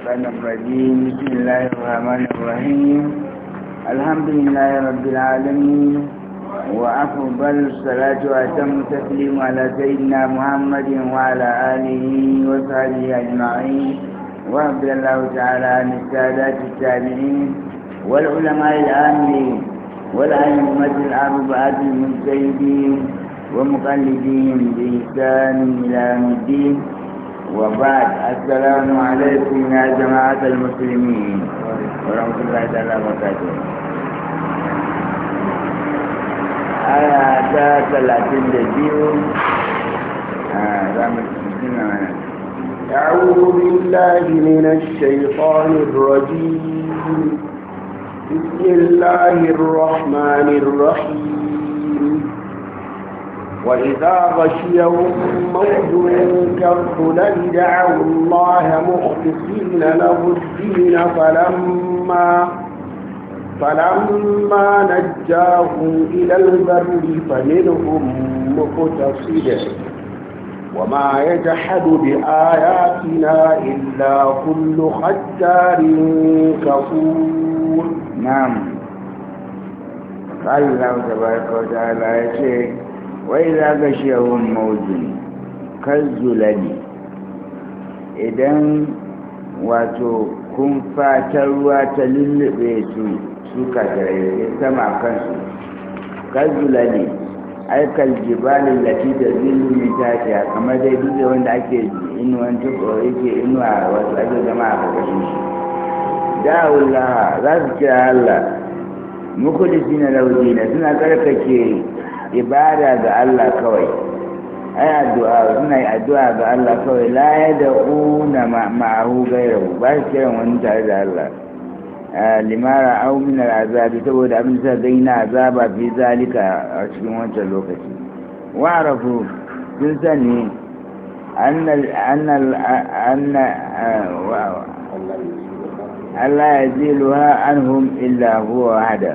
الشيطان الرجيم بسم الله الرحمن الرحيم الحمد لله رب العالمين وأفضل الصلاة وأتم التسليم على سيدنا محمد وعلى آله وصحبه أجمعين ورضي الله تعالى عن السادات التابعين والعلماء العاملين والأئمة الأربعة المجتهدين ومقلدين بإحسان إلى يوم الدين وبعد السلام عليكم يا جماعة المسلمين ورحمة الله تعالى وبركاته أنا تا ثلاثين دجيون أعوذ بالله من الشيطان الرجيم بسم الله الرحمن الرحيم وإذا غشيهم موج كالظلل دعوا الله مخلصين له الدين فلما فلما نجاهم إلى البر فمنهم مقتصد وما يجحد بآياتنا إلا كل ختار كفور نعم قال الله تبارك وتعالى يا شيخ وإذا غشيهم موج كالزلل إذن واتو kun fatar ruwa ta lullube su suka tare sama kansu kalzula ne aikal jibalin lati da zilmi ta ce kamar dai duk wanda ake inuwan tuko yake inuwa wasu ake zama a ƙarƙashin shi da'ullah za su kira allah mukulisi na laudi suna karkake ibada ga Allah kawai ai addu'a suna yi addu'a ga Allah kawai la ya da'una ma'ahu gairahu ba su kiran wani tare da Allah limara au min al'azabi saboda abin da zai na azaba fi zalika a cikin wancan lokaci wa arafu sun sani Allah ya zilu ha anhum illa huwa wahada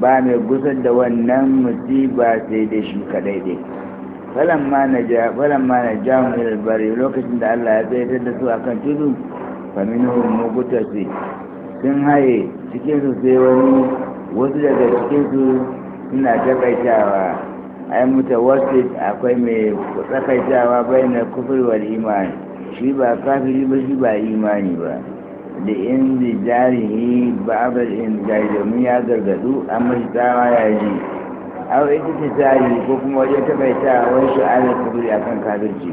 ba mai gusar da wannan musiba sai dai shi kadai dai falamma na ja lokacin da Allah ya tsayar da su kan tudu fa minhum mugutasi sun haye cikin su sai wani wasu daga cikin suna takaitawa ai wasu akwai mai tsakaitawa bai na kufurwar imani shi ba kafiri ba shi ba imani ba da in da jarihi ba a in jari domin ya gargadu an mashi tsawa ya ji au ita ce tsari ko kuma wajen tabaita wani sha'arar kuduri a kan kabirci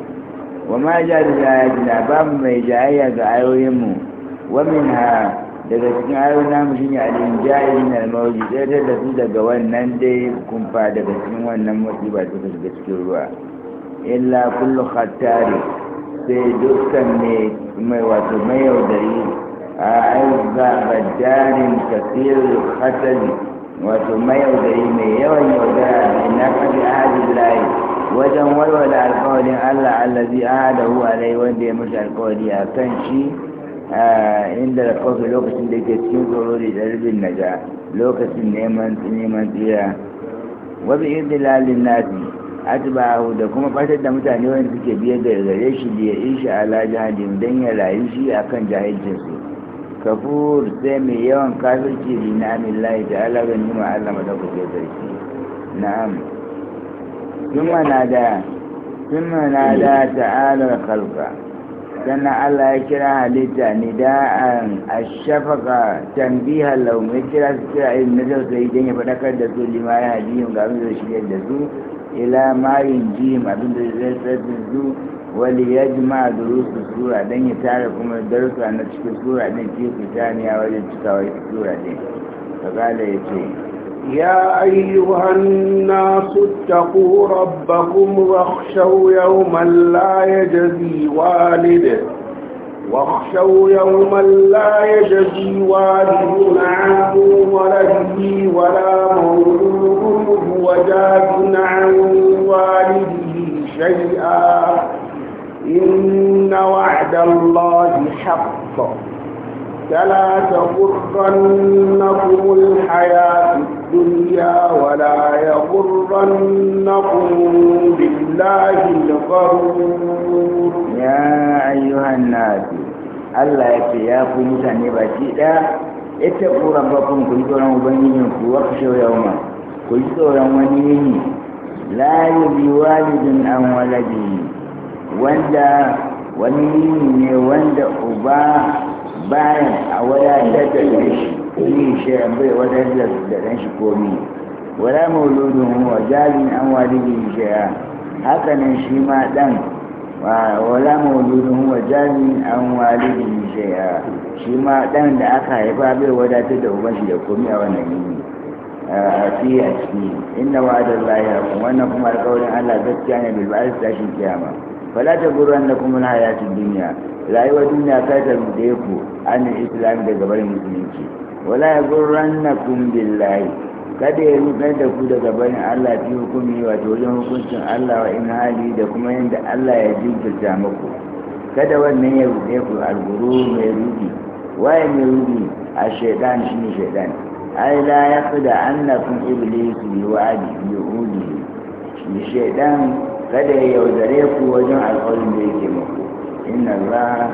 wa ma jari da ya ba babu mai jayayya ga ayoyinmu wa min ha daga cikin ayoyin namu shine alin jari na mawuji tsayar da su daga wannan dai kumfa daga cikin wannan ba ta shiga cikin ruwa illa kullu khattari sai dukkan mai wato mai yaudari أعز بجار كثير الخسد وتميع دائما يوم يودع بنفس عهد الله wajen walwala alkawarin Allah allazi ahadahu alai wanda ya mashi alkawari a kan shi inda da kawai lokacin da ke cikin tsoro da darbin naja lokacin neman neman tsira wasu irdilalin nasi atba'ahu da kuma fatar da mutane wanda suke biyar da gare shi da ya isha ala jahadin don ya rayu shi akan jahilcin su kafur sai mai yawan kafirci bi na amin layi da ala ga nima allah madaukakin sarki na'am summa na da summa na da ta'alar kalka sannan allah ya kira halitta ni da'an a shafaka tambihar lauma ya kira su kira irin na tausayi don ya faɗakar da su lima ya hajiyun ga abin da shirya da su ila mayin jihim abin da zai tsarkin su وليجمع دروس السورة دين يتعرف من الدرس أن تشك السورة دين كيف تانية وليد تشك السورة دين فقال يتين يا أيها الناس اتقوا ربكم واخشوا يوما لا يجزي والد واخشوا يوما لا يجزي والد عن ولده ولا مولود هو عن والده شيئا إن وعد الله حق فلا تغرنكم الحياة الدنيا ولا يغرنكم بالله الغرور يا أيها الناس Allah ya ce ya ku mutane baki ɗaya ita ku rabakun ku yi tsoron ubangijin ku wa ku shauya ma ku yi tsoron wani yini la yi an waladi wanda wani yini ne wanda uba bayan a wada da ɗan shi yi shi bai wadatar da ɗan shi komi wala mauludin wa jarin an walidin shaya haka nan shi ma ɗan wala mauludin wa jarin an walidin shaya shi ma ɗan da aka haifa bai wadatar da uban shi da komi a wannan yini a fi a ciki inna wa'adallahi hakum wannan kuma alƙawarin Allah gaskiya ne bil ba'd tashin kiyama fala ta guru an da kuma na hayatun duniya rayuwar duniya ta tarbuɗe ku an islam daga barin musulunci wala ya guru na kun billahi kada ya rudar da ku daga barin allah fi hukumi wato wajen hukuncin allah wa in hali da kuma yadda allah ya jinkirta muku kada wannan ya ruɗe ku alguru mai rubi, waye mai rubi a shaidan shi ne shaidan ai la ya fi da annakun iblis bi wa'adi bi udi shaidan kada ya yaudare ku wajen alƙawarin da yake muku inna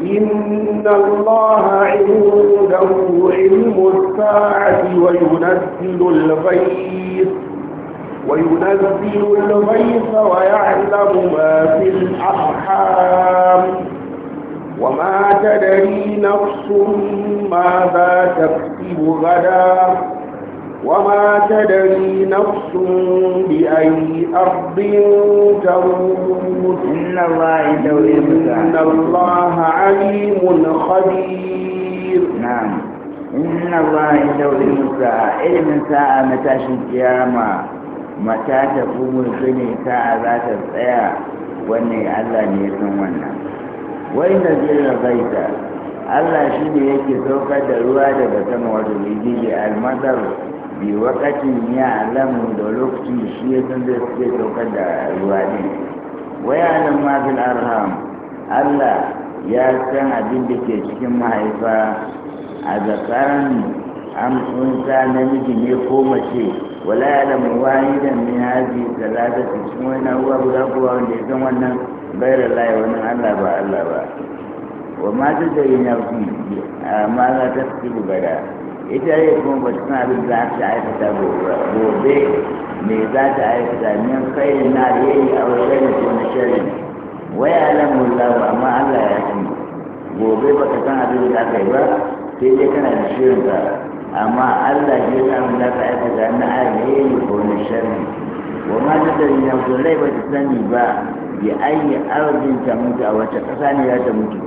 إن الله عنده علم الساعة وينزل الغيث وينزل الغيث ويعلم ما في الأرحام وما تدري نفس ماذا تكتب غدا وما تدري نفس بأي أرض تموت إن الله إن الله عليم خبير نعم إن الله يدور المساء علم ساعة متى القيامة متى تقوم الدنيا ساعة ذات الساعة وإني الله نيكم ونا وإن زير غيثا Allah shi ne yake saukar da ruwa daga sama wato bigiji almadar bi wakatin ya alamu da lokacin shi ya san zai suke saukar da ruwa ne waya alam ma fil arham Allah ya san abin da ke cikin mahaifa a zakaran amsunsa namiji ne ko mace wala alamu wahidan min talata thalathati cikin na ruwa guda kowa wanda ya san wannan bayar Allah wannan Allah ba Allah ba wa ma tadri nafsun ma za ta tsibu gada ita ya kuma ba suna abin za ta aikata gobe me za ta aikata min khairin na yayi a wajen ko na shirin wai alamu lahu amma Allah ya san gobe ba ka san abin za ka yi ba sai dai kana da shirin ka amma Allah ya san abin da ka aikata na alheri ko na shirin wa ma ta da ni ko rai ba ta sani ba bi ayi arzin ta mutu a wata kasa ne za ta mutu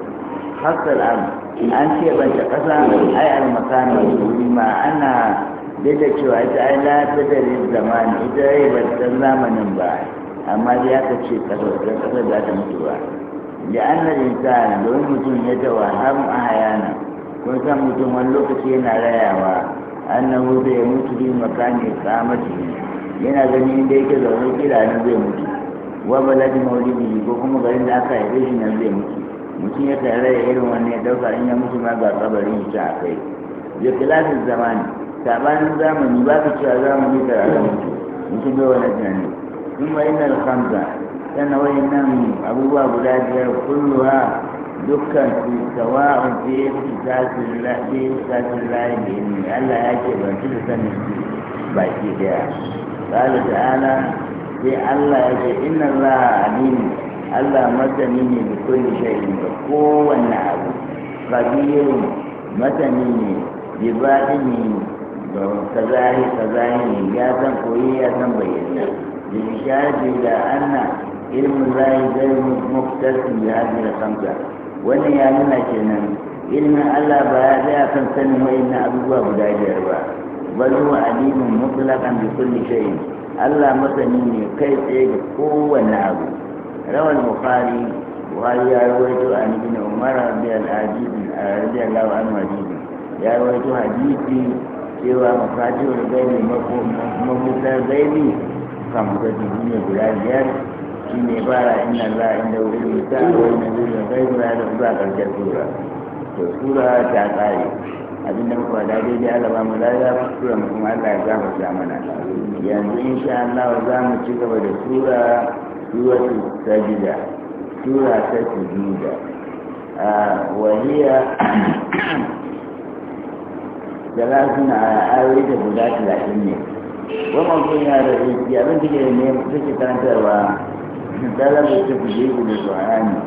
hasal arzin an ce ta kasa ai almakana wuri ma ana duk da cewa ita ai la ta da zamani ita ai ba ta zamanin ba amma dai aka ce ƙasa da ƙasa za ta mutu ba da an na insan wani mutum ya tawa har a hayana kun san mutum wani lokaci yana rayawa annahu bai mutu bi makani kamati yana ganin inda yake zaune kira nan zai mutu wa baladi maulidi ko kuma garin da aka haife shi nan zai mutu mutum ya tare da irin wannan ya dauka in ya mutu ma ga kabarin ya a kai ya kilafin zamani sabanin zamani ba ka cewa zamani da rana mutu mutum bai wani tunani in wa ina alhamza sannan wayan nan abubuwa guda biyar kulluwa dukkan su sawa'un fi ihtisasin lahi da yin Allah ya ce ban su da sanin su baki daya da ta'ala sai Allah ya ce inna Allah alimun Allah masani ne da kulli shay'in da kowanne abu qadirun masani ne bi batini da kazahi kazahi ya san koyi ya san bayyana bi bishari da anna ilmu zai zai muktasin bi hadhihi al-khamsa wannan ya nuna kenan ilmin Allah ba ya tsaya kan sanin wayannan abubuwa guda biyar ba bal huwa alimun mutlaqan bi kulli shay'in Allah masani ne kai tsaye ga kowanne abu روى البخاري وقال يا رويت عن ابن عمر رضي الله عنه حديثا يا رويت حديثي cewa mafati wani gani mafutar gaibi kan mutane ne guda biyar shi ne bara inna za a inda wuri mutu a wani zuwa gaibi na da zuwa karshen sura to sura ta tsari abinda da daidai ala ba mu lada sura mu kuma allah ya gafarta mana yanzu insha allah za mu ci gaba da sura سورة السجدة سورة السجدة آه وهي ثلاث آيات guda talatin ne wannan kun ya da shi abin da ke ne suke karantarwa dalabar ta kuje da Qur'ani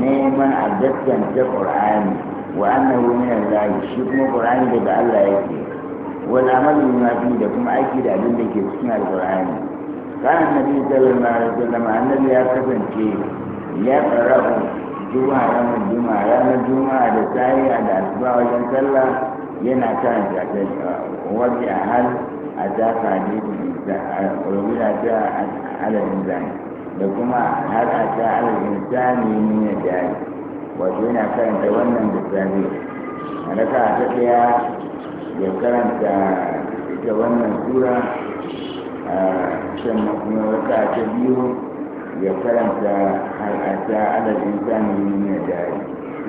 neman abdattan ta Qur'ani wa annahu min Allah shi kuma Qur'ani daga Allah yake wal amal bima da kuma aiki da abinda ke cikin Al-Qur'ani kan annabi sallallahu alaihi wasallam annabi ya kasance ya karabu juma'a ranar juma'a ranar juma'a da tsariya da asuba wajen sallah yana kan wani a hal a dafa ne da rubuta ta alalin zani da kuma har a ta alalin zani ne na jari wato yana karanta wannan da tsari a raka ta ɗaya ya karanta ita wannan sura شم مركات بيو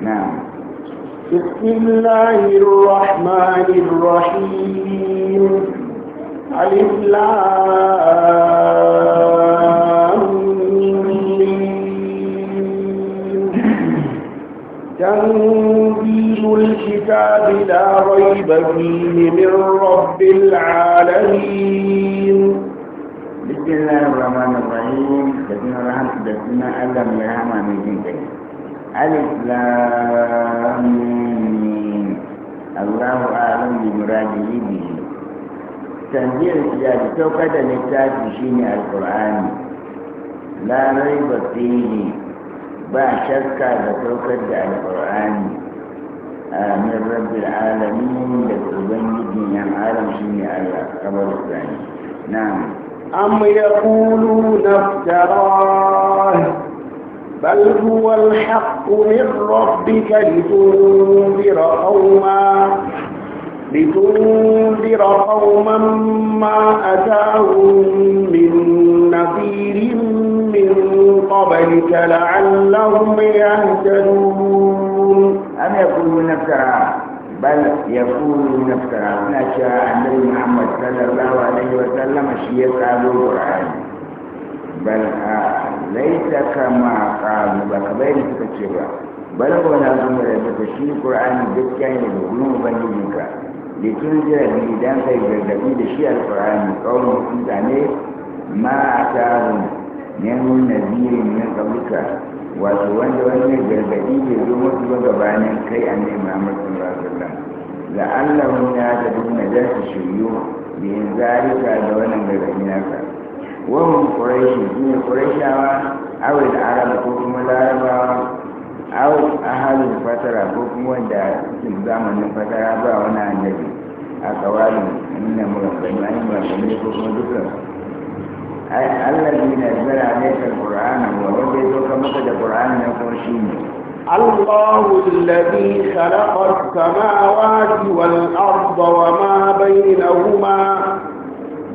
نعم بسم الله الرحمن الرحيم الف تنزيل الكتاب لا ريب فيه من رب العالمين بسم الله الرحمن الرحيم بسم رحم بسم الله يرحم من جنك ألف لام الله أعلم بمراده به تنزيل الكتاب توقد الكتاب بشين القرآن لا ريب فيه با شك لتوقد القرآن من رب العالمين لتوبنجد من العالم شين الله قبل الثاني نعم أم يقولون افتراه بل هو الحق من ربك لتنذر قوما لتنذر قوما ما أتاهم من نذير من قبلك لعلهم يهتدون أم يقولون افتراه بل يقولون افتراه نشاء النبي محمد صلى الله عليه وسلم wasallama shi ya tsaro ƙura'ani bal a laita kama ƙaru ba ka bayani suka ce ba bal ko na zuma da suka ƙura'ani gaskiya ne da kuma ubangiji ka da ne idan ka yi da shi alƙura'ani ƙaunin tsinta ne ma a tsaro ne mun na ne na ƙauyuka wato wanda wannan gargaɗi ne zo mafi magabanin kai annabi muhammadu sallallahu alaihi wasallam la'allahu ya ta duk majalisar shiryu bin zalika da wannan gargaɗi naka wahum quraishi shine quraishawa aw al arab ko kuma larabawa aw ahalul fatara ko kuma wanda cikin zamanin fatara ba wani annabi a kawalin nuna murabbani an murabbani ko kuma dukkan ai allazi nazzala alayka alqur'ana wa wanda ya zo maka da qur'ani na kuma ne. الله الذي خلق السماوات والأرض وما بينهما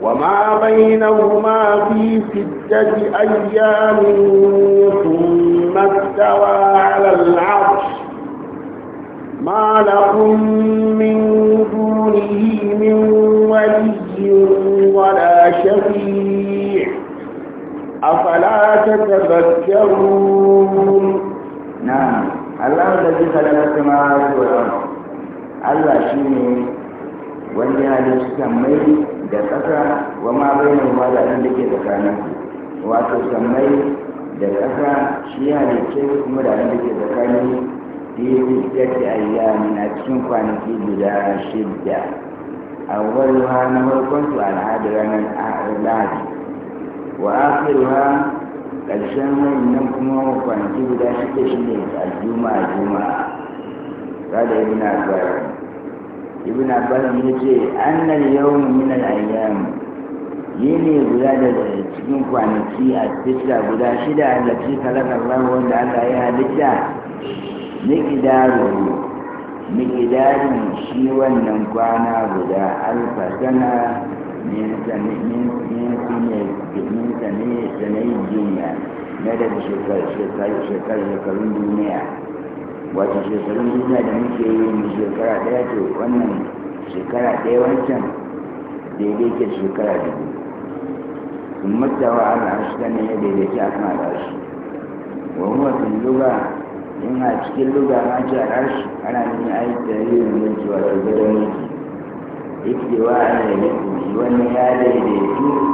وما بينهما في ستة أيام ثم استوى على العرش ما لكم من دونه من ولي ولا شفيع أفلا تتذكرون na Allah da zai kalama kuma zuwa Allah shi ne wanda ya halitta mai da ƙasa wa ma bai na ma da abin da ke tsakanin wato sammai da ƙasa shi ya ke kuma da abin da ke tsakanin fiye da ke ayyami na cikin kwanaki guda shidda a wani ha na farkon su al'adu ranar lahadi wa akiru ƙarshen nan kuma kwanaki guda shida shi ne a juma'a juma'a na ibn ibi na abbas ne ce annal yawm min al ayyam ne guda da cikin kwanaki a tisha guda shida a lafi kalakar rahu wanda aka yi halitta miqdaru miqdarin shi wannan kwana guda alfa sana yin jinya na da shekarun duniya wata shekarun duniya da muke yi shekara ɗaya to wannan shekara ɗaya wancan daidai ke shekara dubu sun mutawa ala ashita ne ya daidaita a kan al'arshi wa huwa sun luga in a cikin luga ma ce al'arshi ana nuna ayi tarihin yanki wato gadon yanki yake wa ala yanki wani ya daidaitu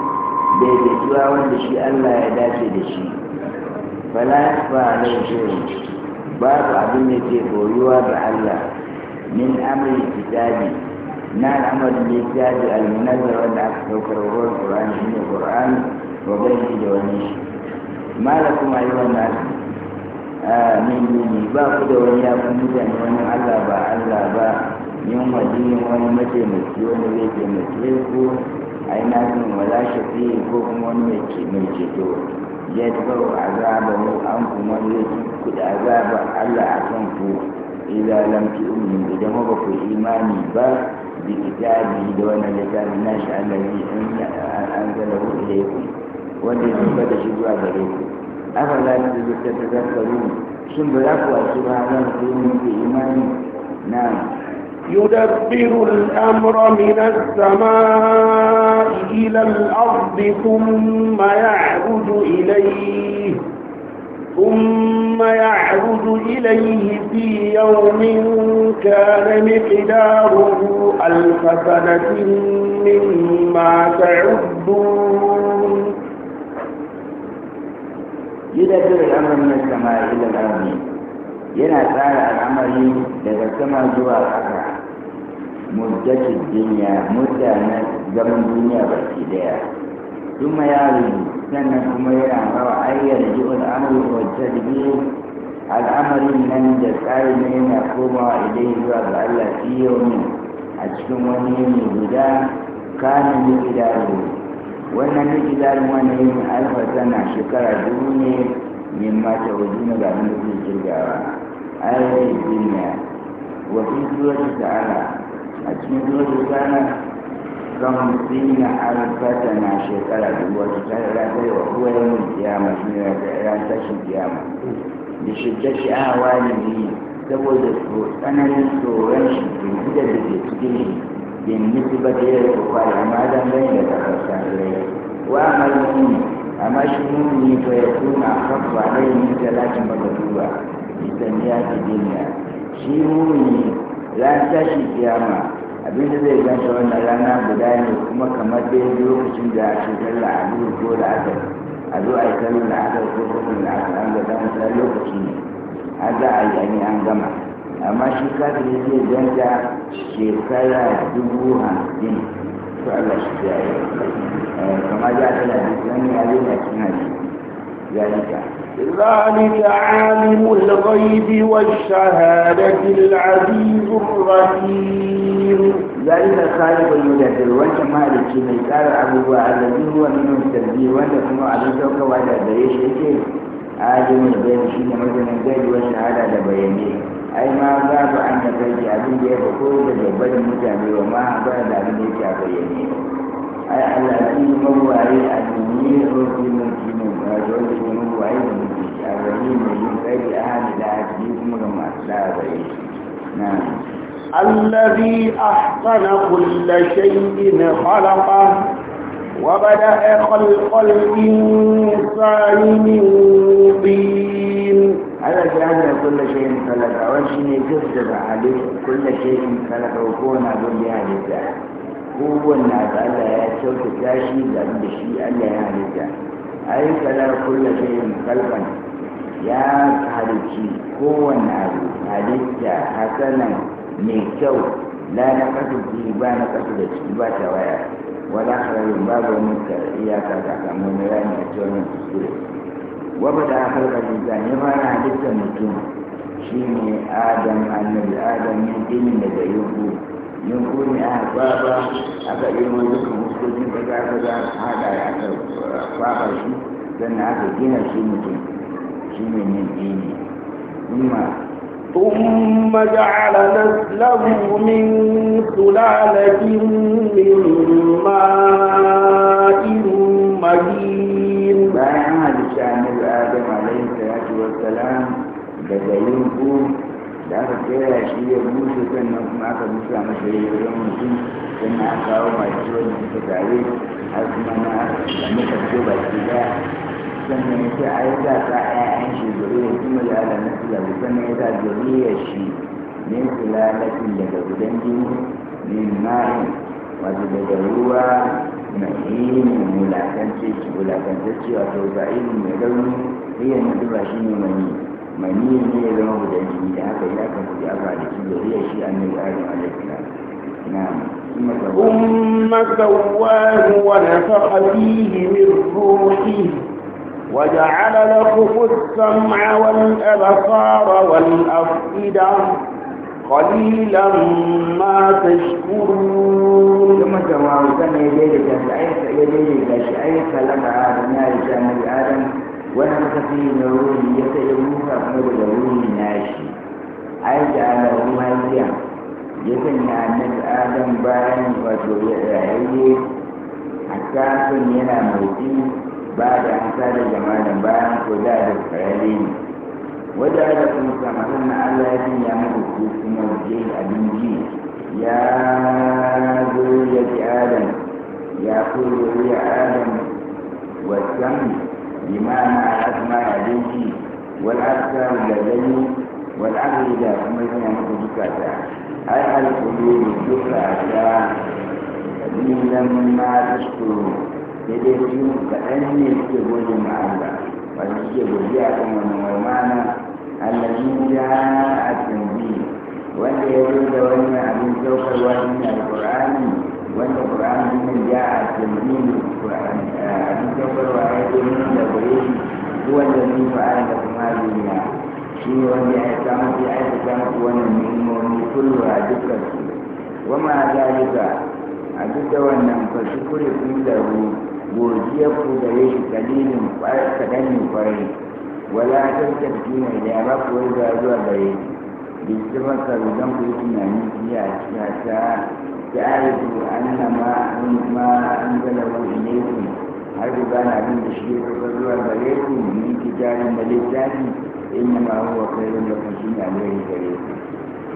daidaituwa wanda shi Allah ya dace da shi fala ba alai shirin babu abin da ke koyuwa ga Allah min amri kitabi na al'amarin da ya fi al-munazar wanda aka saukar ruwan Qur'ani shi ne Qur'ani wa gani da wani shi malakum ayyuhan A min duni ba ku da wani ya fi mutane wani Allah ba Allah ba yin waliyin wani mataimaki wani zai taimake ku a yi nasin wala shafi ko kuma wani mai ceto ya taɓa azaba mu an kuma zai kuɗa azaba allah a kan ku idan lam umu idan ba ku imani ba bi kitabi da wannan littafi nashi allah ne an anzala hu ilaykum wanda ya zuba da shi zuwa gare ku Aka da zaka tazakkarun shin ba za ku wasu ba nan ku imani na يدبر الأمر من السماء إلى الأرض ثم يعرج إليه ثم يعرج إليه في يوم كان مقداره ألف سنة مما تعدون يدبر الأمر من السماء إلى الأرض ينسى الأمر لذا السماء جوا الأرض muddatin duniya na zaman duniya ba ke daya kuma ya sannan kuma ya rawa ayyar ji'ul amurin wa tadbir al'amarin nan da tsari na yana komawa idan zuwa ga Allah fi ne, a cikin wani yanayi guda kana ni idaru wannan ni idaru wani yanayi alfa sana shekara dubu ne min mata wajen na abin da kuma jirgawa ayyar duniya wa fi zuwa ta'ala a cikin zuwa sana kamsin na alfata na shekara dubu wata ta da ranar wa kuwa yin kiyama shi ne ranar tashin kiyama da shidda sha'awa ne ne saboda tsananin tsoron shi da da ke cikin shi bin nisba da yau ko kwari amma zan gani da kafarsa rai wa amma amalin amma shi mumini ko ya kuma kafa rai ne talatin magaduba idan ya ci duniya shi mumini ran tashin kiyama abinda zai ganta wannan rana guda ne kuma kamar da dai lokacin da ake sallah a duhu ko da aka a zo a yi kallon da aka ko kuma da aka an ga zama sai lokaci ne har za a yi ani an gama amma shi kafin zai ganta shekara dubu hamsin to Allah shi ya yi kamar da aka duk wani ya zo na cin yi ذلك ذلك عالم الغيب والشهادة العزيز الرحيم mudiru zalika khaliqu yudabbir wancan maliki mai tsara abubuwa allazi huwa min tabbi wanda kuma abin saukawa da gare shi yake ajimin bayan shi ne mazanin gaibi wa shahada da bayani ai ma za ku an da kai abin da ya fako da jabbarin mutane wa ma ba da abin da yake a bayyane ai Allah shi mawari a duniya ko shi mun shi mun ba da wanda shi mawari da shi a bayyane mai yin gaibi a hali da a hali kuma ga masu da bayyane na'am الذي أحسن كل شيء خلقه وبدأ خلق الإنسان من طين هذا جعل كل شيء خلقه وشني كذب عليه كل شيء خلقه وكون دنيا لله هو الناس ألا يأتوك تاشي لأن الشيء ألا يهلك أي كلا كل شيء خلقا يا خالقي هو الناس هلك حسنا mai kyau la na kasu ba na kasu da ciki ba ta waya wala hararin babu wani iyaka sakamakon rami a cikin wani kuskure harkar halka ne ya na halittar mutum shi ne adam annabi adam yin dinin daga yanku yanku ne a baba aka ɗebo dukkan za a hada haɗa aka kwaba shi sannan aka gina shi mutum shi ne ne dini ثم جعل نسله من سلالة من ماء مهين بعد شامل آدم عليه الصلاة والسلام بدأين قوم da aka kera shi ya bushe sannan kuma aka bushe a masa yayin mutum sannan aka kawo masu wani suka tare har kuma baki daya sannan ya yi ta 'ya'yan shi zuriyar kuma ya da nasila da sannan ya sa zuriyar shi min sulalatin daga gudan jini min ma'in wato daga ruwa mahimmin wulakance shi wulakance shi wato ba'ilin mai rauni riyar na duba shi ne mani mani ne ya zama gudan jini da haka ya kan kuɗi aka da shi zuriyar shi annabi adam alaihi salam ثم سواه ونفخ فيه من روحه وجعل لكم السمع والأبصار والأفئدة قليلا ما تشكرون ثم تواصلنا يديك شعيك يديك شعيك لما عادنا لشام آدم وانا مكفي نوره يسأل من فنبدا روحي ناشي أرجع على روحي يسأل عن آدم باين وتوية حتى كن ينام موسى ba da an sada jama'a bayan ko da da tsayali ne wajen da kuma samarin na Allah yake ya muku ko kuma ke abin ji ya zo ya ji adam ya kuro ya adam wasan limana asma abinci wal'afsa da gani wal'afsa da kuma yana muku duka ta ai alkulu ta lilan ma tashkuru sai dai su kaɗan ne suke gode ma Allah wanda suke godiya kan wani walmana allazi ya a tambi wanda ya zo da wannan abin saukarwa shi ne alƙur'ani wanda ƙur'ani ne ya a tambi abin saukarwa ya zo ne da gare shi kuwa da ni fa'ala da kuma duniya shi ne wanda ya samu ya aikata muku wannan ni'imomi kullu a dukkan su wama zalika a duk da wannan fasikuri kun da ruwa godiyar ku ya shi kalilin kaɗan ne kwarai wala kan tafkina idan ba ku wai zuwa zuwa gare shi bi su maka rudan ku yi tunani biya a ta ta'arifu annama ma an zala ku ilaikum har ku gane abin da shi ya zuwa gare ku min kitabin da littafi innama huwa da lakum shi ne alheri gare ku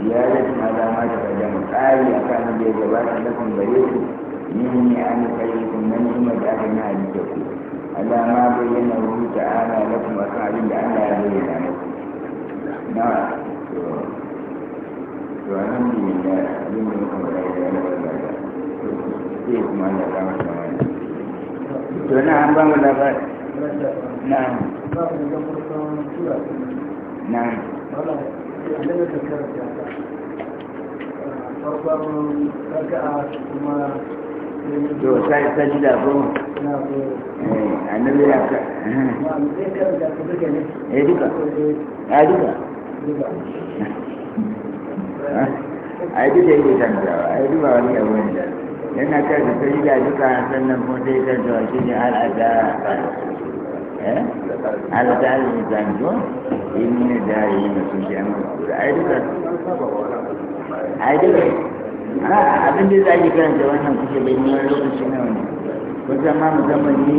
ya lakin alama da kadan ƙari akan da ya gabata lakum gare ku منهم عن خير من ثم جعلنا لكم على ما بينه تعالى لكم أصحابين لئلا يبين لكم نعم والحمد لله من منكم ولا إله إلا الله فيكم أن يقام نعم بام الأبد نعم نعم farkon raka'a kuma to sai ko eh, annabi ya ka eh duka ya ah, duka ai duka yake ai wani abu ne yana da duka sannan eh? shi ne al'ada in ne da yi ai duka ai duka abin da za ki karanta wannan kuke bai ne wani lokaci na wani kusa ma musamman ni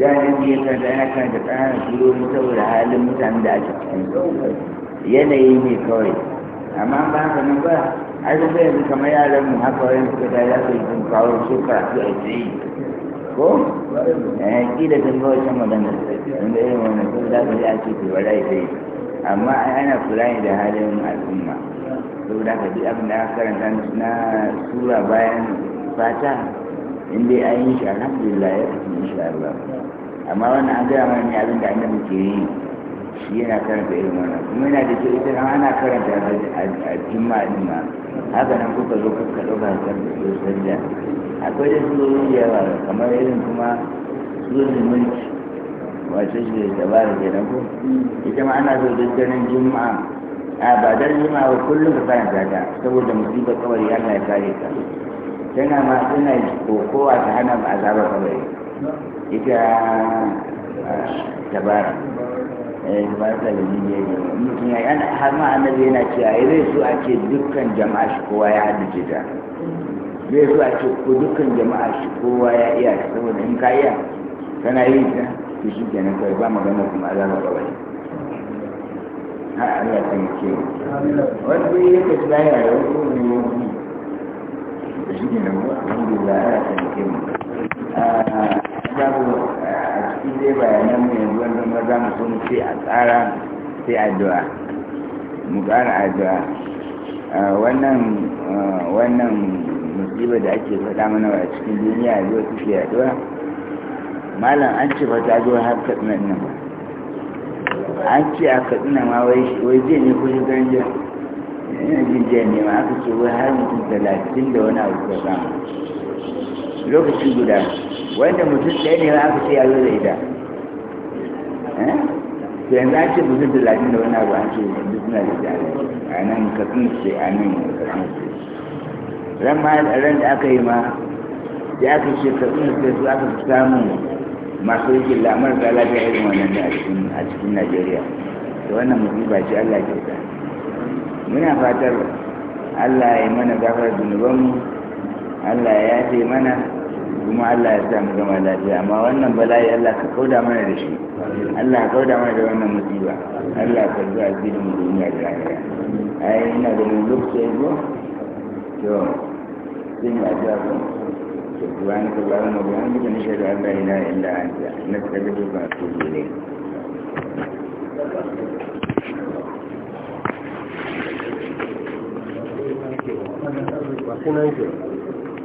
da ni ya karanta ya karanta tsara surori saboda halin mutanen da ake cikin yanayi ne kawai amma ba haka nan ba ai kuma yanzu kamar yaran mu haka wani suka ta za su yi sun kawo su karatu a tsaye ko eh kila sun ga wata magana wanda irin wani sun za ka yi a ce ke wala amma ana kula da halin al'umma saboda ka ji abin da aka karanta na sura bayan fata in dai an yi shi alhamdulillah ya yi insha Allah amma wannan an gaya mana ne abin da annabi ke yi shi yana karanta irin wannan kuma yana da kyau ita ana karanta a juma'a din ma haka nan kuka zo kuka ɗauka a kan da sanda akwai da surori da yawa kamar irin kuma surorin mulki wato shi da tabara nan ko ita ma ana so duk ganin juma'a a ba dan nima ma ba kullum ka kana zata saboda kawai ya Allah ya kare ka tana ma tana kokowa ta hana ba azabar kawai ita tabara eh tabara ta da jiye ne mutum ya yana har ma annabi yana cewa ya zai so a ce dukkan jama'a shi kowa ya haɗu jita, zai so a ce ko dukkan jama'a shi kowa ya iya saboda in ka iya kana yi ta to shi kenan kawai ba magana kuma azabar kawai a Allah ta yi ke. wani bai yi ka tsaya ya yi wani ne wani da shi ne nan a Allah ta yi ce mu babu ah, ah, a cikin dai bayanan mu yanzu wanda ma za mu so mu ce a tsara sai addu'a mu ƙara addu'a ah, wannan wannan musibar da ake faɗa mana a cikin duniya zuwa suke addu'a malam an ce ba ta zo har kaɗinan nan ba an ce a katsina ma wai jiya ne kuma shekaran jiya ina jin jiya ne ma aka ce wai har mutum talatin da wani abu ka samu Lokacin guda wanda mutum ɗaya ne ma aka ce ya zo da ita eh? to yanzu an ce mutum talatin da wani abu an ce yanzu suna da ita a nan katsina ce a nan katsina ce ran ma ran da aka yi ma da aka ce katsina ce su aka samu masu rikin lamar da lafiya irin wannan da a cikin najeriya da wannan musiba ce allah ke da muna fatar allah ya mana gafar zunubanmu allah ya yafe mana kuma allah ya sa mu gama lafiya amma wannan bala'i allah ka kauda mana da shi allah ka kauda mana da wannan musiba allah ka zuwa zirin mu duniya da lafiya ai ina ganin lokaci ya zo to sai mu addu'a ibrahim sallallahu alaihi wa na tsaye